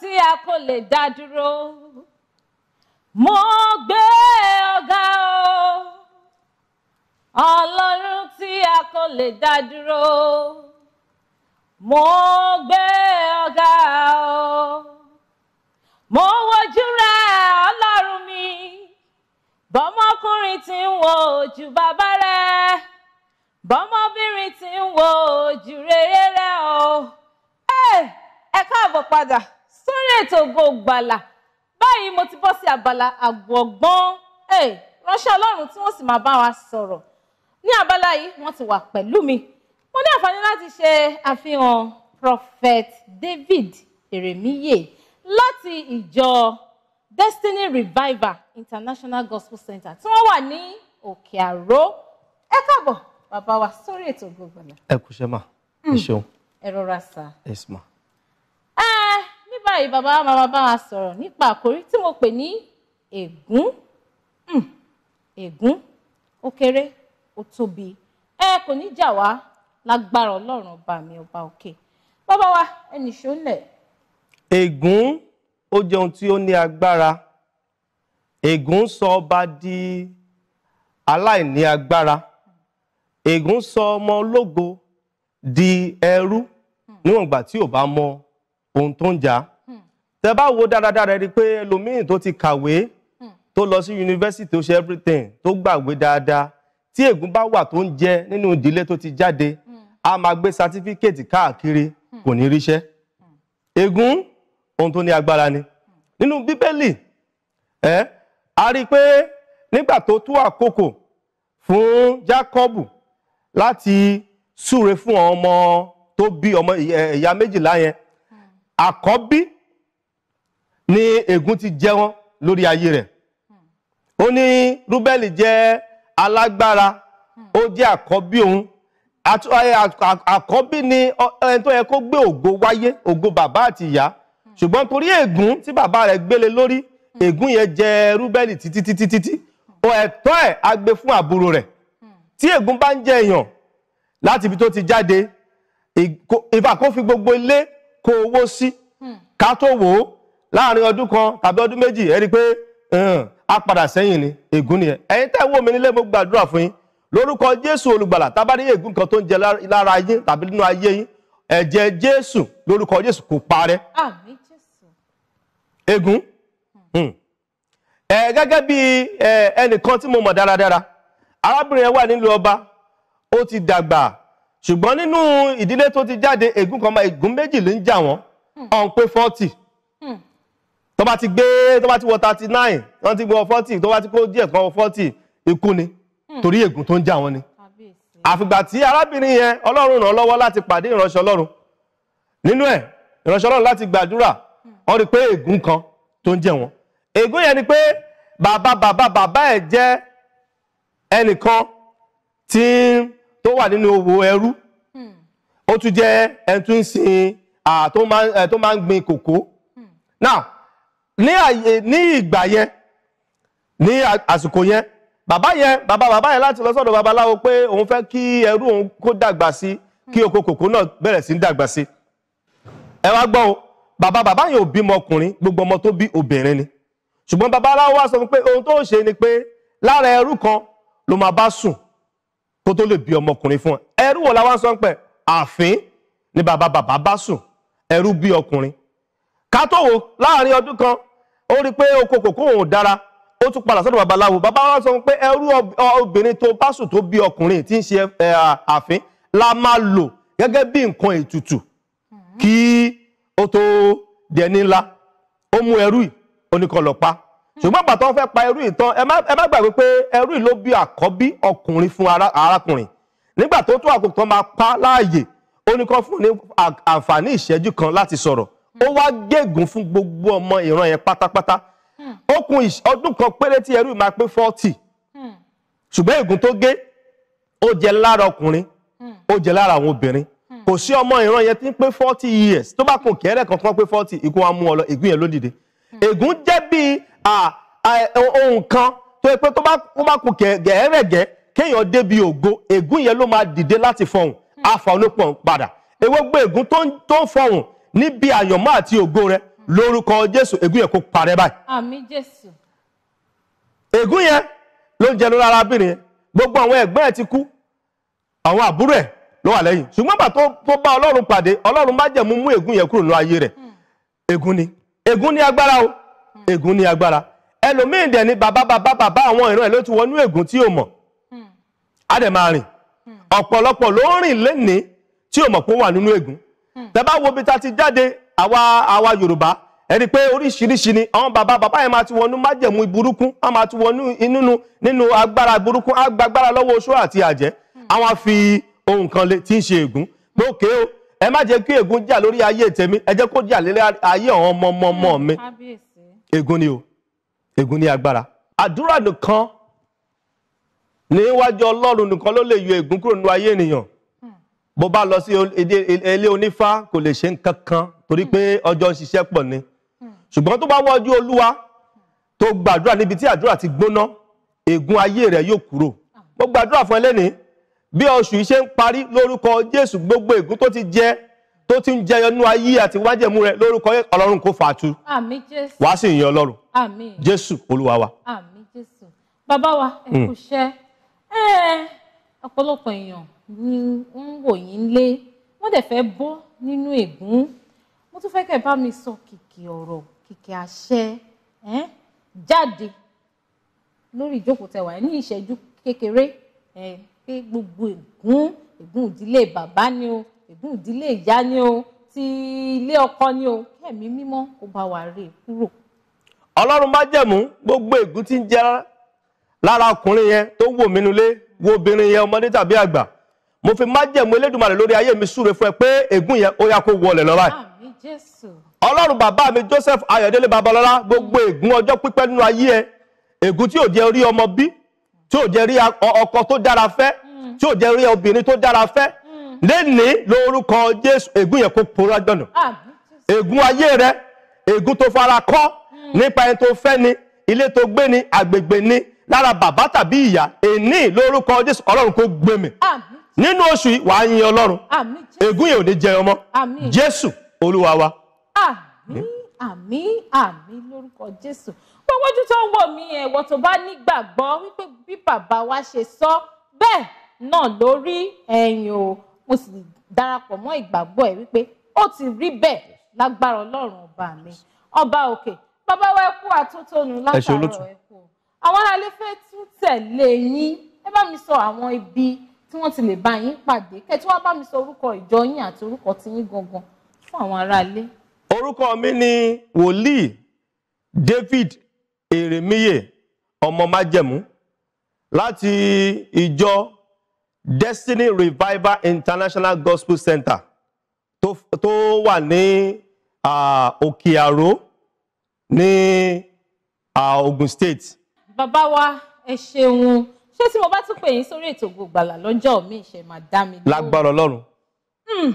tí a kò lè dá dúró mo gbé ọ̀gá o ọlọ́run tí a kò lè dá dúró mo gbé ọ̀gá o mo wojú rẹ ọlọ́run mi bọ́mọkùnrin tí ń wo ojú bàbá rẹ bọ́mọbìnrin tí ń wo ojú rere rẹ o ẹ káàbọ̀ padà sórí ètò Ògo Ìgbàlà báyìí mo ti bọ́ sí abala àgbọ̀gbọ́n ránṣẹ́ ọlọ́run tí wọ́n sì máa bá wa sọ̀rọ̀ ní abala yìí wọ́n ti wà pẹ̀lú mi mo ní àǹfààní láti ṣe àfihàn prophet David Eremiye láti ìjọ Destiny Reviver International Gospel Center tí wọ́n wà ní Òkè Àró ẹ káàbọ̀ bàbá wa sórí ètò Ògo Ìgbàlà. ẹ kú ṣe mà ẹ hmm, ṣeun. ẹ rọra sá. ẹ sì mà báyìí bàbá wa máa bá wa sọ̀rọ̀ nípa àkórí tí mo pè ní ègún hmm, ègún ó kéré ó tóbi ẹ kò ní jà wá lágbára ọlọ́run ọba mi ọba òkè bàbá wa ẹnì ṣó lẹ̀. ègún ó jẹ́ ohun tí ó ní agbára ègún sọ ọba di aláìní agbára ègún sọ ọmọ ológo di ẹrú hmm. níwọ̀n ìgbà tí ò bá mọ ohun tó ń jà á tẹ bá wo dáradára rí i pé ẹlòmíì tó ti kàwé hmm. tó lọ sí yunifásitì tó ṣe everything tó gbàwé dáadáa tí ègún bá wà tó ń jẹ nínú ìdílé tó ti jáde hmm. a máa gbé sátífíkèètì káàkiri hmm. kò ní ríṣẹ́ ègún ohun tó ní agbára ni nínú bíbélì ẹ a rí i pé nígbà tó tó àkókò fún Jákọ́bù láti súre fún ọmọ tó bí ọmọ ìyá méjìlá yẹn àkọ́bí ni ègún ti jẹ wọ́n lórí ayé rẹ̀ ó ní rúbẹ́lì jẹ́ alágbára ó jẹ́ àkọ́bí òun àkọ́bí ni ẹni tó yẹ kó gbé ògo wáyé ògo bàbá àti ìyá ṣùgbọ́n torí ègún tí bàbá rẹ̀ gbélé lórí ègún yẹn jẹ rúbẹ́lì títí títí títí ẹ̀tọ́ ẹ̀ á gbé fún àbúrò rẹ̀ tí ègún bá ń jẹ èèyàn láti ibi tó ti jáde ìfà kó fi gbogbo ilé kó owó sí ká tó wò ó láàrin ọdún kan tàbí ọdún méjì ẹ rí i pé a padà sẹ́yìn ni ègún ni ẹ ẹ̀yin tẹ́ wò mí nílé mo gbàdúrà fún yín lórúkọ jésù olùgbàlà tá a bá rí ègún kan tó ń jẹ lára yín tàbí nínú ayé yín ẹ̀jẹ̀ jésù lórúkọ jésù kò parẹ́. àmín jésù. ègún hmm. ẹ gẹ́gẹ́ bí ẹnìkan tí mo mọ̀ dáradára arábìnrin yẹn wà nílùú ọba ó ti dàgbà ṣùgbọ́n nínú ìdílé tó ti jáde ègún kan máa ègún méjì ló ń jà wọ́n hmm. ọ̀n pé fọ́ọ̀tì tó bá ti gbé tó bá ti wọ thirty nine tó bá ti wọ forty tó bá ti kó díẹ̀ kan wọ forty ikú ni hmm. torí ègún tó ń jà wọn ni àfìgbà tí arábìnrin yẹn ọlọ́run ràn lọ́wọ́ láti pàdé ìránṣẹ́ ọlọ́run nínú ẹ̀ ìránṣẹ́ ọlọ́run láti gbàdúrà hmm. wọ́n rí pé ègún kan tó ń jẹ wọn ègún yẹn ni pé bàbá bàbá bàbá ẹ̀ jẹ́ ẹnìkan tí tó wà nínú òwò ẹrú hmm. ó tún jẹ́ ẹni tó sin tó máa ń gbin kòkó now ní àyè ní ìgbà yẹn ní àsìkò yẹn bàbá yẹn bàbá bàbá yẹn láti lọ sọ́dọ̀ babaláwo pé òun fẹ́ kí ẹrú òun kó dàgbà sí kí oko kòkó náà bẹ̀rẹ̀ sí dàgbà sí ẹ wá gbọ́ o bàbá bàbá yẹn ò bímọ ọkùnrin gbogbo ọmọ tó bí obìnrin ni ṣùgbọ́n babaláwo wá sọ pé ohun tó ń ṣe ni pé lára ẹrú kan ló máa bá sùn kó tó lè bí ọmọkùnrin fún ẹ ẹrú wo la wá sọ pé àfín ni bàbá bàbá bá sùn ẹrú bí ọkùnrin ká tó wò láàrin ọdún kan ó rí i pé oko kòkó òun dára ó tún padà sọ́dọ̀ babaláwo bàbá wa sọ pé ẹrú obìnrin tó bá sùn tó bí ọkùnrin tí ń ṣe àfín la máa lò gẹ́gẹ́ bí nǹkan ètùtù kí ó tó dẹni ńlá ó mú ẹrú yìí oníkọlọ pa ṣùgbọ́n ìgbà tó ń fẹ́ pa ẹrú yìí tán ẹ má gbàgbé pé ẹrú yìí ló bí àkọ́bí ọkùnrin fún arákùnrin nígbà tó tó àkókò máa pa láàyè oníkọ́ fún ní àǹfààní ìṣẹ́jú kan láti sọ̀rọ̀ ó wá gégùn fún gbogbo ọmọ ìran yẹn pátápátá ó kù ọdún kan péré tí ẹrú máa pé fọ́ọ̀tì ṣùgbọ́n ègún tó gé ó jẹ lára ọkùnrin ó jẹ lára àwọn obìnrin kò sí ọmọ ìran yẹn tí ń pé forty years tó bá kun kẹ́rẹ́ kankan pé forty ikú wa mú ọ lọ ègún yẹn ló dìde ègún jẹ́ bíi ohun kan tó yẹ pé tó bá kun gẹ̀ẹ́rẹ̀gẹ́ kéèyàn débi ògo ègún yẹn ló máa dìde láti fọhùn àfọ̀nùpọ̀ padà ewé gbé ègún tó ń fọhùn níbi àyànmọ́ àti ògo rẹ lórúkọ jésù ègún yẹn kó parẹ́ báyìí. àmín jésù. ègún yẹn ló ń jẹnu lára arábìnrin yẹn gbogbo àwọn ẹ̀gbọ́n ẹ̀ ti kú àwọn àbúrò ẹ̀ ló wà lẹ́yìn ṣùgbọ́n bàtó tó bá ọlọ́run pàdé ọlọ́run má jẹ̀mú mú ègún yẹn kúrò ní ayé rẹ̀ hmm. ègún ni ègún ní agbára o hmm. ègún ní agbára ẹlòmíín dẹ̀ ni bàbá bàbá bàbá àwọn ìran ẹ̀ ló ti wọnú ègún tí ò mọ̀ á hmm. dẹ̀ máa rìn ọ̀pọ̀lọpọ̀ ló ń rìn lénìí tí ò mọ̀ pé ó wà nínú ègún Hmm. tẹ́ bá wo ibi tá a ti jáde àwa àwa Yorùbá ẹni pé oríṣiríṣi ni àwọn bàbá bàbá yẹn máa ti wọnú májẹ̀mú burúkú wọ́n máa ti wọnú inú nínú agbára burúkú agbára lọ́wọ́ oṣó àti àjẹ́ hmm. àwọn fi ohun kan lè tí ń ṣe ègún pé òkè o ẹ má jẹ́ kí ègún jà lórí ayé tèmi ẹ jẹ́ kó jà lórí ayé àwọn ọmọ hmm, mi ègún ni o ègún ni agbára àdúrà nìkan níwájú Ọlọ́run nìkan ló lè yọ ègún kúrò nínú ayé ènìyàn bó bá lọ sí ilé onífá kò lè ṣe nǹkan kan torí pé ọjọ́ ń ṣiṣẹ́ pọ̀ ni ṣùgbọ́n tó bá wọ́jú olúwa tó gbàdúrà níbi tí àdúrà ti gbóná ègún ayé rẹ̀ yóò kúrò mo gbàdúrà fún ẹlẹ́nìí bí oṣù yìí ṣe ń parí lórúkọ jésù gbogbo ègún tó ti jẹ tó ti ń jẹyọ nú ayé àti wájẹmú rẹ lórúkọ ọlọ́run kò fàtú wàá sì yan ọlọ́run jésù olúwa wa. àmín jésù bàbá wa ẹ hmm. kú iṣẹ́ ọ̀pọ̀lọpọ̀ èèyàn ni ń wò yín lé wọ́n dẹ̀ fẹ́ bọ́ nínú ègún mo tún fẹ́ kẹ́ ẹ bá mi sọ kìkì ọ̀rọ̀ kìkì àṣẹ ẹ́ jáde lórí ìjókòó tẹwà ní ìṣẹ́jú kékeré ẹ pé gbogbo ègún ègún ìdílé bàbá ni o ègún ìdílé ìyá ni o ti ilé ọkọ ni o kẹ́mi mímọ́ kó bá wa rè kúrò. ọlọ́run bá jẹ̀mú gbogbo ègún tí ń jẹ́ lára ọkùnrin yẹn tó wò mí nulẹ̀ wo obìnrin yẹn ọmọdé tàbí àgbà mo fi májẹ̀mú Elédùmarè lórí ayé mi súre fún ẹ pé ègún yẹn ó yá kó wọlẹ̀ lọ báyìí. àmín Jésù. ọlọ́run bàbá mi Joseph Ayọ̀délé Babalọ́lá gbogbo ègún ọjọ́ pípẹ́ nínú ayé ẹ ègún tí ò jẹ́ rí ọmọ bí tí ò jẹ́ rí ọkọ tó dára fẹ́ hmm. tí ò jẹ́ rí obìnrin tó dára fẹ́ hmm. lénìí lórúkọ Jésù ègún yẹn kó pòórá jọ̀nà ègún ayé rẹ ègún tó fara kọ́ hmm. nípa ẹni tó fẹ́ ni ilé tó gbé ni agbègbè ni lára bàbá tàbí ìyá èní lórúkọ Jésù ọlọ́run kó gbé mi. àmín nínú oṣù yìí wàá yin ọlọ́run ègún yẹn ò ní jẹ ọmọ jésù olúwa wa. àmín àmín àmín lórúkọ jésù gbogbo ojú tó ń wò mí ẹ̀wọ̀ tó bá nígbàgbọ́ wípé bí bàbá wa ṣe sọ bẹ́ẹ̀ náà ló rí ẹ̀yin o mo sì darapọ̀ mọ́ ìgbàgbọ́ ẹ̀ wípé ó ti rí bẹ́ẹ̀ lágbára ọlọ́run ọba mi ọba òkè bàbá wa ẹ kú àtótónu látàárọ̀ ẹ kú àwọn aráalé fẹ́ tún tẹ̀lé yín ẹ bá mi sọ àwọn ibi tí wọ́n ti lè bá yín pàdé kẹ́ tí bá mi sọ orúkọ ìjọ yín àti orúkọ tiyín gangan fún àwọn aráalé. orúkọ mi ni wòlíì David Èrèmíyè ọmọ májẹ̀mú láti ìjọ Destiny Revival International Gospel Center tó wà ní Òkè Àró ní Ogun State. bàbá wa ẹ ṣeun ṣé tí mo bá tún pè yín sórí ètò Ògo Ìgbàlà mi ìṣe máa dá mi lóhùn. lágbára Ọlọ́run. Hmm.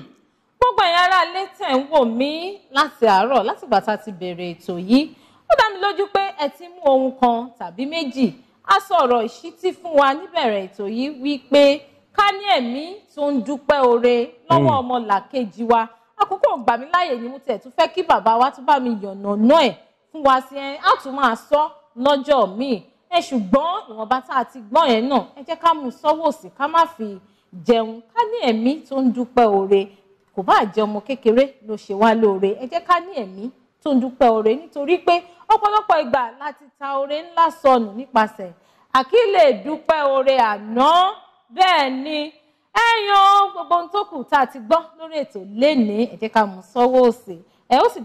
gbogbo ẹ̀yin ará ilé tẹ̀ ń wò mí láti àárọ̀ látìgbà tá a ti bẹ̀rẹ̀ ètò yìí ó dá mi lójú pé ẹ ti mú ohun kan tàbí méjì a sọ ọ̀rọ̀ ìṣítí fún wa níbẹ̀rẹ̀ ètò yìí wípé ká ní ẹ̀mí tó ń dúpẹ́ oore lọ́wọ́ hmm. ọmọ làkejì wa àkókò gbà mí láàyè ni mo tẹ̀ tún fẹ́ kí bàbá wa tún bá mi yànnàná ẹ̀ fún wa sí ẹ á tún máa sọ lọ́jọ́ míì ẹ ṣùgbọ́n ìwọ̀nba tá a ti gbọ́ yẹn náà ẹ jẹ́ ká mú sọ́wọ́ sí ká má fi jẹun ká ní ẹ̀mí tó ń dúpẹ́ oore kò bá jẹ́ ọmọ kékeré ló ṣe wá lóore ẹ jẹ́ ká ní ẹ̀mí tó ń dúpẹ́ oore nítorí pé ọ̀pọ̀lọpọ̀ ìgbà láti ta oore ńlá sọnù nípasẹ̀ àkílè dúpẹ́ oore àná bẹ́ẹ̀ ni ẹ̀yàn gbogbo ohun tó kù tá a ti gbọ́ lórí ètò lénìí ẹ jẹ́ ká mú sọ́wọ́ òsì ẹ ó sì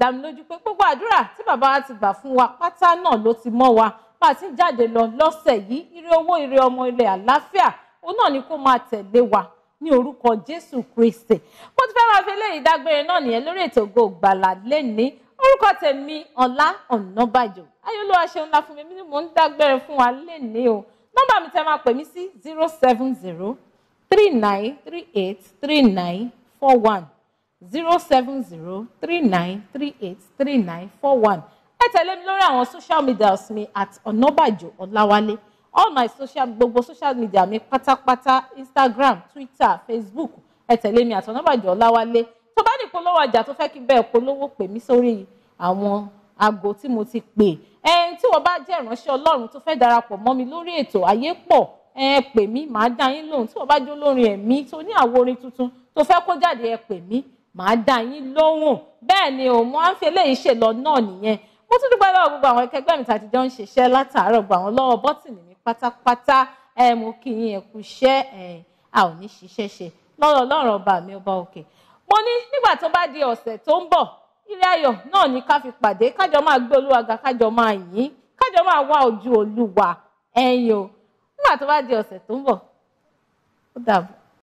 bá a ti jáde lọ lọ́sẹ̀ yìí ire owó ire ọmọ ilẹ̀ àlàáfíà òun náà ni kó máa tẹ̀lé wa ní orúkọ Jésù Kristi mo ti fẹ́ máa fi eléyìí dágbére náà nìyẹn lórí ètò Ògo Ìgbàlà lẹ́ni orúkọ tèmi Ọlá Ọ̀nàbàjò ayọ́lúwa ṣeun la fún mi ni mò ń dágbére fún wa lẹ́ni o nọ́mbà mi tẹ́ máa pè mí sí zero seven zero three nine three eight three nine four one zero seven zero three nine three eight three nine four one ẹ tẹ̀lé mi lórí àwọn social medias mi at ọ̀nàbàjò ọ̀làwálé all my social gbogbo social media mi pátápátá instagram twitter facebook ẹ tẹ̀lé mi at ọ̀nàbàjò ọ̀làwálé tó bá ní polówó ọjà tó fẹ́ kí n bẹ́ẹ̀ polówó pè mí sórí àwọn aago tí mo ti pè ẹn tí wọ́n bá jẹ́ ìránṣẹ́ ọlọ́run tó fẹ́ darapọ̀ mọ́ mi lórí ètò ayé pọ̀ ẹ pè mí màá dá yín lóhùn tí wọ́n bá jó lórin ẹ̀mí tó ní àwo orin tuntun tó fẹ́ kó jáde ẹ pè mí màá dá yín lóhùn bẹ́ẹ̀ ni òun á ń fi eléyìí ṣe lọ náà nìyẹn mo tún dúpẹ́ lọ́wọ́ gbogbo àwọn ẹkẹgbẹ́ mi tàbí jọ ń ṣiṣẹ́ látàárọ̀ gbogbo àwọn lọ́wọ́ bọ́tìnì mi pátápátá ẹ mo kí yín ẹ kú iṣẹ́ ẹ a ò ní ṣiṣẹ́ ṣe lọ́rọ̀ lọ́rọ̀ ọba mi ọba òkè mo ní nígbà tó bá di ọ̀sẹ̀ tó ń bọ̀ ilé ayọ̀ náà ni ká fi pàdé kájọ máa gbé olúwa ga kájọ máa yìn kájọ máa wá ojú olúwa ẹ̀yin o nígbà tó bá di ọ̀sẹ̀ tó ń bọ̀ ó dàbọ̀.